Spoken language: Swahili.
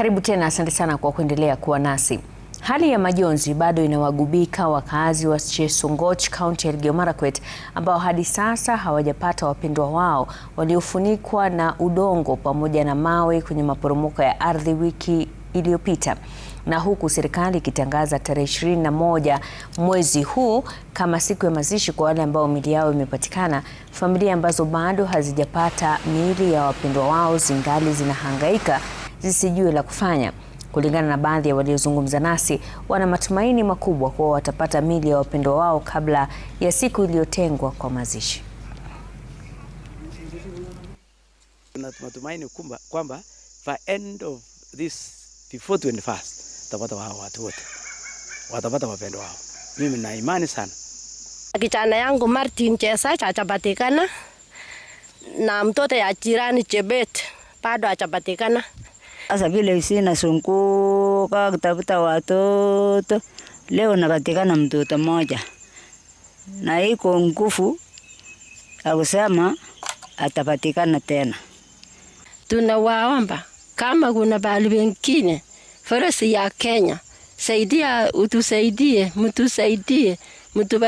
Karibu tena, asante sana kwa kuendelea kuwa nasi. Hali ya majonzi bado inawagubika wakazi wa Chesongoch, kaunti ya Elgeyo Marakwet, ambao hadi sasa hawajapata wapendwa wao waliofunikwa na udongo pamoja na mawe kwenye maporomoko ya ardhi wiki iliyopita na huku serikali ikitangaza tarehe moja mwezi huu kama siku ya mazishi kwa wale ambao miili yao imepatikana, familia ambazo bado hazijapata miili ya wapendwa wao zingali zinahangaika zisijue la kufanya. Kulingana na baadhi ya waliozungumza nasi, wana matumaini makubwa kuwa watapata mili ya wapendwa wao kabla ya siku iliyotengwa kwa mazishi. matumaini kwamba by end of this before 21st watu wote, watapata wapendwa wao. Mimi na imani sana kijana yangu Martin Chesach achapatikana na mtoto ya jirani Chebet bado achapatikana. Asa vile sinasunguka kutafuta watoto, leo napatikana mtoto mmoja na iko nguvu akusema atapatikana tena. Tunawaomba kama kuna bali wengine forosi ya Kenya, saidia, utusaidie, mtusaidie, mtu